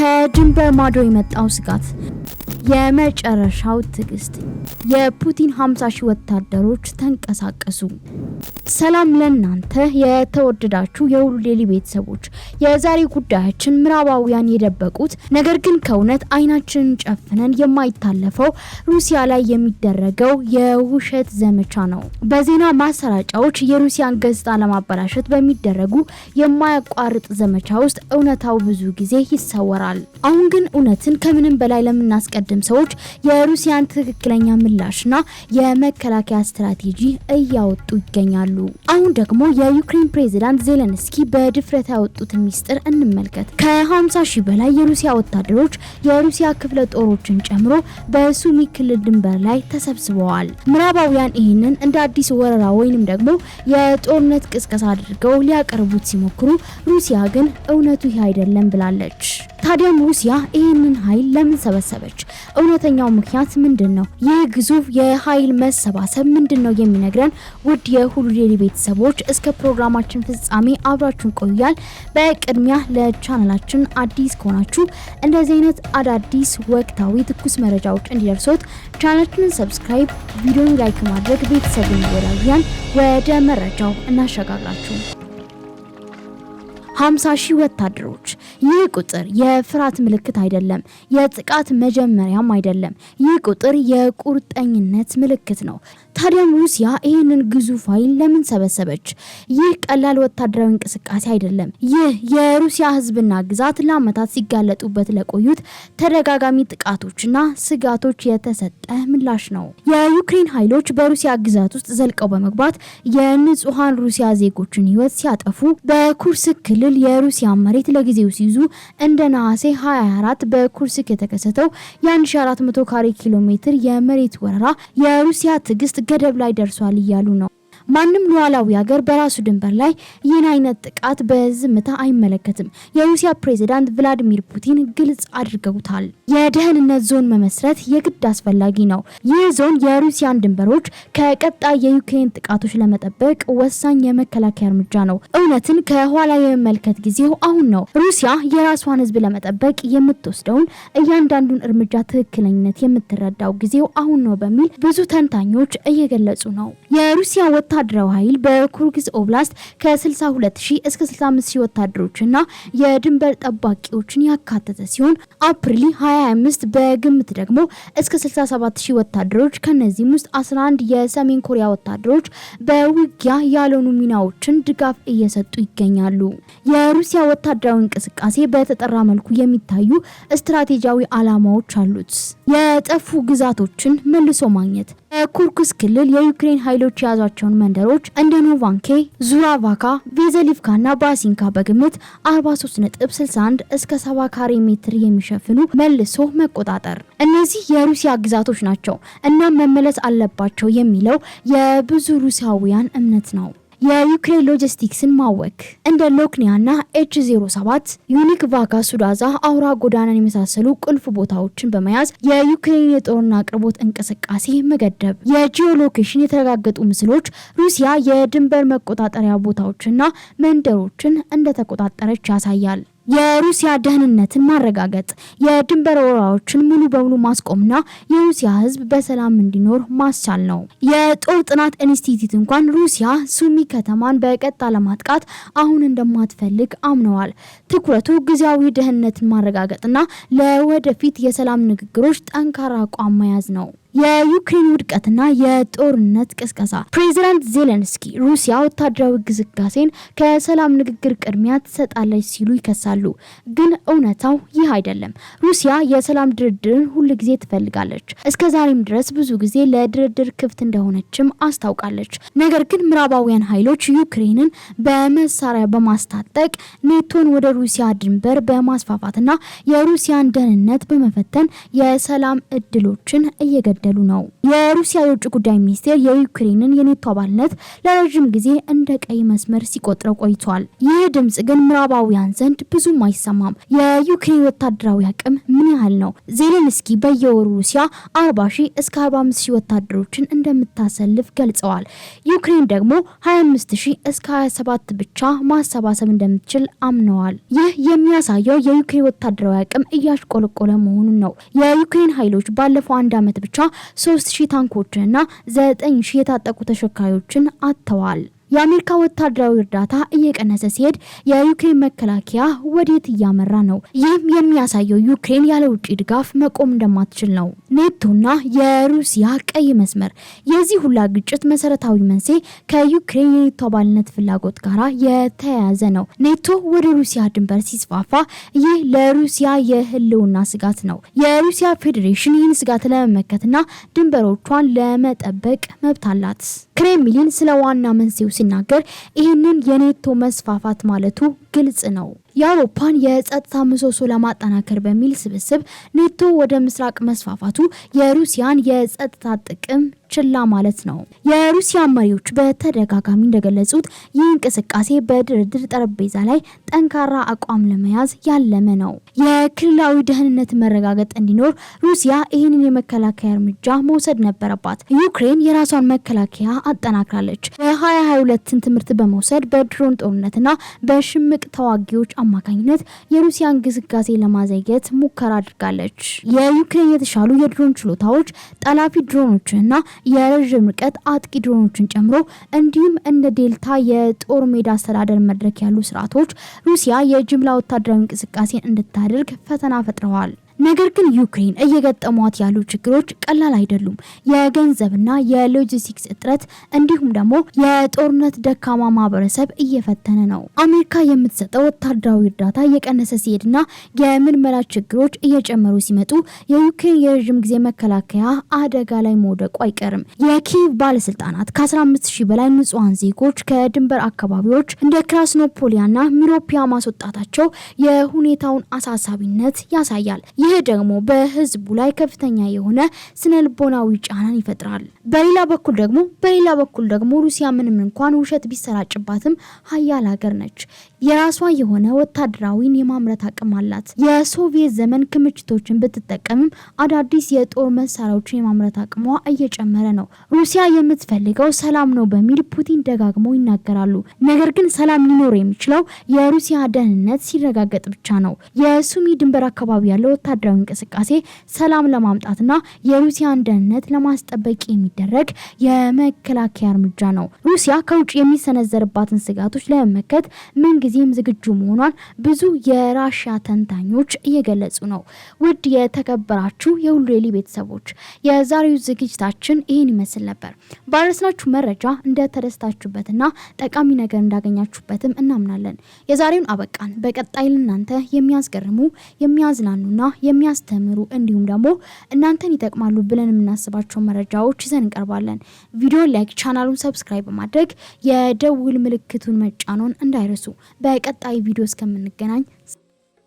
ከድንበር ማዶ የመጣው ስጋት፣ የመጨረሻው ትዕግስት። የፑቲን 50 ሺህ ወታደሮች ተንቀሳቀሱ። ሰላም ለእናንተ የተወደዳችሁ የሁሉ ዴይሊ ቤተሰቦች፣ የዛሬ ጉዳያችን ምዕራባውያን የደበቁት ነገር ግን ከእውነት አይናችንን ጨፍነን የማይታለፈው ሩሲያ ላይ የሚደረገው የውሸት ዘመቻ ነው። በዜና ማሰራጫዎች የሩሲያን ገጽታ ለማበላሸት በሚደረጉ የማያቋርጥ ዘመቻ ውስጥ እውነታው ብዙ ጊዜ ይሰወራል። ይኖራል። አሁን ግን እውነትን ከምንም በላይ ለምናስቀድም ሰዎች የሩሲያን ትክክለኛ ምላሽና የመከላከያ ስትራቴጂ እያወጡ ይገኛሉ። አሁን ደግሞ የዩክሬን ፕሬዚዳንት ዜሌንስኪ በድፍረት ያወጡትን ሚስጥር እንመልከት። ከ50 ሺህ በላይ የሩሲያ ወታደሮች የሩሲያ ክፍለ ጦሮችን ጨምሮ በሱሚ ክልል ድንበር ላይ ተሰብስበዋል። ምዕራባውያን ይህንን እንደ አዲስ ወረራ ወይንም ደግሞ የጦርነት ቅስቀሳ አድርገው ሊያቀርቡት ሲሞክሩ ሩሲያ ግን እውነቱ ይህ አይደለም ብላለች። ታዲያም ሩሲያ ይህንን ኃይል ለምን ሰበሰበች? እውነተኛው ምክንያት ምንድን ነው? ይህ ግዙፍ የኃይል መሰባሰብ ምንድን ነው የሚነግረን? ውድ የሁሉ ዴይሊ ቤተሰቦች እስከ ፕሮግራማችን ፍጻሜ አብራችሁን ቆያል። በቅድሚያ ለቻናላችን አዲስ ከሆናችሁ እንደዚህ አይነት አዳዲስ ወቅታዊ ትኩስ መረጃዎች እንዲደርሶት ቻናላችንን ሰብስክራይብ፣ ቪዲዮን ላይክ ማድረግ ቤተሰብ ወዳያን ወደ መረጃው እናሸጋግራችሁ 50 ሺህ ወታደሮች ይህ ቁጥር የፍርሃት ምልክት አይደለም፣ የጥቃት መጀመሪያም አይደለም። ይህ ቁጥር የቁርጠኝነት ምልክት ነው። ታዲያም ሩሲያ ይህንን ግዙፍ ኃይል ለምን ሰበሰበች? ይህ ቀላል ወታደራዊ እንቅስቃሴ አይደለም። ይህ የሩሲያ ሕዝብና ግዛት ለዓመታት ሲጋለጡበት ለቆዩት ተደጋጋሚ ጥቃቶችና ስጋቶች የተሰጠ ምላሽ ነው። የዩክሬን ኃይሎች በሩሲያ ግዛት ውስጥ ዘልቀው በመግባት የንጹሐን ሩሲያ ዜጎችን ሕይወት ሲያጠፉ፣ በኩርስክ ክልል የሩሲያ መሬት ለጊዜው ሲ ሲይዙ እንደ ነሐሴ 24 በኩርስክ የተከሰተው የ1400 ካሬ ኪሎ ሜትር የመሬት ወረራ የሩሲያ ትዕግስት ገደብ ላይ ደርሷል እያሉ ነው። ማንም ሉዓላዊ ሀገር በራሱ ድንበር ላይ ይህን አይነት ጥቃት በዝምታ አይመለከትም። የሩሲያ ፕሬዚዳንት ቭላዲሚር ፑቲን ግልጽ አድርገውታል። የደህንነት ዞን መመስረት የግድ አስፈላጊ ነው። ይህ ዞን የሩሲያን ድንበሮች ከቀጣይ የዩክሬን ጥቃቶች ለመጠበቅ ወሳኝ የመከላከያ እርምጃ ነው። እውነትን ከኋላ የመመልከት ጊዜው አሁን ነው። ሩሲያ የራሷን ህዝብ ለመጠበቅ የምትወስደውን እያንዳንዱን እርምጃ ትክክለኝነት የምትረዳው ጊዜው አሁን ነው በሚል ብዙ ተንታኞች እየገለጹ ነው። የሩሲያ ወታደራዊ ኃይል በኩርጊዝ ኦብላስት ከ62 ሺህ እስከ 65 ሺህ ወታደሮችና የድንበር ጠባቂዎችን ያካተተ ሲሆን አፕሪል 25 በግምት ደግሞ እስከ 67 ሺህ ወታደሮች ከነዚህም ውስጥ 11 የሰሜን ኮሪያ ወታደሮች በውጊያ ያልሆኑ ሚናዎችን ድጋፍ እየሰጡ ይገኛሉ። የሩሲያ ወታደራዊ እንቅስቃሴ በተጠራ መልኩ የሚታዩ ስትራቴጂያዊ ዓላማዎች አሉት። የጠፉ ግዛቶችን መልሶ ማግኘት በኩርኩስ ክልል የዩክሬን ኃይሎች የያዟቸውን መንደሮች እንደ ኖቫንኬ፣ ዙራቫካ፣ ቬዘሊቭካ ና ባሲንካ በግምት 43.61 እስከ 70 ካሬ ሜትር የሚሸፍኑ መልሶ መቆጣጠር እነዚህ የሩሲያ ግዛቶች ናቸው እና መመለስ አለባቸው የሚለው የብዙ ሩሲያውያን እምነት ነው። የዩክሬን ሎጂስቲክስን ማወክ እንደ ሎክኒያና ኤች 07 ዩኒክ ቫካ ሱዳዛ አውራ ጎዳናን የመሳሰሉ ቁልፍ ቦታዎችን በመያዝ የዩክሬን የጦርና አቅርቦት እንቅስቃሴ መገደብ፣ የጂኦ ሎኬሽን የተረጋገጡ ምስሎች ሩሲያ የድንበር መቆጣጠሪያ ቦታዎችና መንደሮችን እንደተቆጣጠረች ያሳያል። የሩሲያ ደህንነትን ማረጋገጥ፣ የድንበር ወረራዎችን ሙሉ በሙሉ ማስቆምና የሩሲያ ህዝብ በሰላም እንዲኖር ማስቻል ነው። የጦር ጥናት ኢንስቲትዩት እንኳን ሩሲያ ሱሚ ከተማን በቀጥታ ለማጥቃት አሁን እንደማትፈልግ አምነዋል። ትኩረቱ ጊዜያዊ ደህንነትን ማረጋገጥና ለወደፊት የሰላም ንግግሮች ጠንካራ አቋም መያዝ ነው። የዩክሬን ውድቀትና የጦርነት ቅስቀሳ። ፕሬዚዳንት ዜሌንስኪ ሩሲያ ወታደራዊ ግዝጋሴን ከሰላም ንግግር ቅድሚያ ትሰጣለች ሲሉ ይከሳሉ። ግን እውነታው ይህ አይደለም። ሩሲያ የሰላም ድርድርን ሁል ጊዜ ትፈልጋለች። እስከ ዛሬም ድረስ ብዙ ጊዜ ለድርድር ክፍት እንደሆነችም አስታውቃለች። ነገር ግን ምዕራባውያን ኃይሎች ዩክሬንን በመሳሪያ በማስታጠቅ ኔቶን ወደ ሩሲያ ድንበር በማስፋፋትና የሩሲያን ደህንነት በመፈተን የሰላም እድሎችን እየገደ እየተጋደሉ ነው። የሩሲያ የውጭ ጉዳይ ሚኒስቴር የዩክሬንን የኔቶ አባልነት ለረዥም ጊዜ እንደ ቀይ መስመር ሲቆጥረው ቆይቷል። ይህ ድምጽ ግን ምዕራባውያን ዘንድ ብዙም አይሰማም። የዩክሬን ወታደራዊ አቅም ምን ያህል ነው? ዜሌንስኪ በየወሩ ሩሲያ 40 ሺህ እስከ 45 ሺህ ወታደሮችን እንደምታሰልፍ ገልጸዋል። ዩክሬን ደግሞ 25 ሺህ እስከ 27 ብቻ ማሰባሰብ እንደምትችል አምነዋል። ይህ የሚያሳየው የዩክሬን ወታደራዊ አቅም እያሽቆለቆለ መሆኑን ነው። የዩክሬን ኃይሎች ባለፈው አንድ ዓመት ብቻ ሶስት ሺህ ታንኮችንና ዘጠኝ ሺህ የታጠቁ ተሸካሪዎችን አጥተዋል። የአሜሪካ ወታደራዊ እርዳታ እየቀነሰ ሲሄድ የዩክሬን መከላከያ ወዴት እያመራ ነው? ይህም የሚያሳየው ዩክሬን ያለ ውጭ ድጋፍ መቆም እንደማትችል ነው። ኔቶና የሩሲያ ቀይ መስመር። የዚህ ሁላ ግጭት መሰረታዊ መንስኤ ከዩክሬን የኔቶ አባልነት ፍላጎት ጋር የተያያዘ ነው። ኔቶ ወደ ሩሲያ ድንበር ሲስፋፋ ይህ ለሩሲያ የህልውና ስጋት ነው። የሩሲያ ፌዴሬሽን ይህን ስጋት ለመመከትና ድንበሮቿን ለመጠበቅ መብት አላት። ክሬምሊን ስለ ዋና መንስኤው ሲናገር ይህንን የኔቶ መስፋፋት ማለቱ ግልጽ ነው። የአውሮፓን የጸጥታ ምሰሶ ለማጠናከር በሚል ስብስብ ኔቶ ወደ ምስራቅ መስፋፋቱ የሩሲያን የጸጥታ ጥቅም ችላ ማለት ነው። የሩሲያ መሪዎች በተደጋጋሚ እንደገለጹት ይህ እንቅስቃሴ በድርድር ጠረጴዛ ላይ ጠንካራ አቋም ለመያዝ ያለመ ነው። የክልላዊ ደህንነት መረጋገጥ እንዲኖር ሩሲያ ይህንን የመከላከያ እርምጃ መውሰድ ነበረባት። ዩክሬን የራሷን መከላከያ አጠናክራለች። የ2022ን ትምህርት በመውሰድ በድሮን ጦርነትና በሽምቅ ተዋጊዎች አማካኝነት የሩሲያን ግስጋሴ ለማዘግየት ሙከራ አድርጋለች። የዩክሬን የተሻሉ የድሮን ችሎታዎች ጠላፊ ድሮኖችንና የረዥም ርቀት አጥቂ ድሮኖችን ጨምሮ እንዲሁም እንደ ዴልታ የጦር ሜዳ አስተዳደር መድረክ ያሉ ስርዓቶች ሩሲያ የጅምላ ወታደራዊ እንቅስቃሴን እንድታደርግ ፈተና ፈጥረዋል። ነገር ግን ዩክሬን እየገጠሟት ያሉ ችግሮች ቀላል አይደሉም። የገንዘብና የሎጂስቲክስ እጥረት እንዲሁም ደግሞ የጦርነት ደካማ ማህበረሰብ እየፈተነ ነው። አሜሪካ የምትሰጠው ወታደራዊ እርዳታ እየቀነሰ ሲሄድና የምርመራ ችግሮች እየጨመሩ ሲመጡ የዩክሬን የረዥም ጊዜ መከላከያ አደጋ ላይ መውደቁ አይቀርም። የኪቭ ባለስልጣናት ከ15 ሺህ በላይ ንጹሐን ዜጎች ከድንበር አካባቢዎች እንደ ክራስኖፖሊያና ሚሮፒያ ማስወጣታቸው የሁኔታውን አሳሳቢነት ያሳያል። ይህ ደግሞ በህዝቡ ላይ ከፍተኛ የሆነ ስነ ልቦናዊ ጫናን ይፈጥራል። በሌላ በኩል ደግሞ በሌላ በኩል ደግሞ ሩሲያ ምንም እንኳን ውሸት ቢሰራጭባትም ሀያል ሀገር ነች። የራሷ የሆነ ወታደራዊን የማምረት አቅም አላት። የሶቪየት ዘመን ክምችቶችን ብትጠቀምም አዳዲስ የጦር መሳሪያዎችን የማምረት አቅሟ እየጨመረ ነው። ሩሲያ የምትፈልገው ሰላም ነው በሚል ፑቲን ደጋግመው ይናገራሉ። ነገር ግን ሰላም ሊኖር የሚችለው የሩሲያ ደህንነት ሲረጋገጥ ብቻ ነው። የሱሚ ድንበር አካባቢ ያለው ወታደራዊ እንቅስቃሴ ሰላም ለማምጣትና የሩሲያን ደህንነት ለማስጠበቅ የሚደረግ የመከላከያ እርምጃ ነው። ሩሲያ ከውጭ የሚሰነዘርባትን ስጋቶች ለመመከት ምን ጊዜም ዝግጁ መሆኗን ብዙ የራሽያ ተንታኞች እየገለጹ ነው። ውድ የተከበራችሁ የሁሉ ዴይሊ ቤተሰቦች የዛሬው ዝግጅታችን ይህን ይመስል ነበር። ባረስናችሁ መረጃ እንደተደስታችሁበትና ጠቃሚ ነገር እንዳገኛችሁበትም እናምናለን። የዛሬውን አበቃን። በቀጣይ ለእናንተ የሚያስገርሙ የሚያዝናኑና የሚያስተምሩ እንዲሁም ደግሞ እናንተን ይጠቅማሉ ብለን የምናስባቸው መረጃዎች ይዘን እንቀርባለን። ቪዲዮ ላይክ፣ ቻናሉን ሰብስክራይብ በማድረግ የደውል ምልክቱን መጫኖን እንዳይረሱ በቀጣይ ቪዲዮ እስከምንገናኝ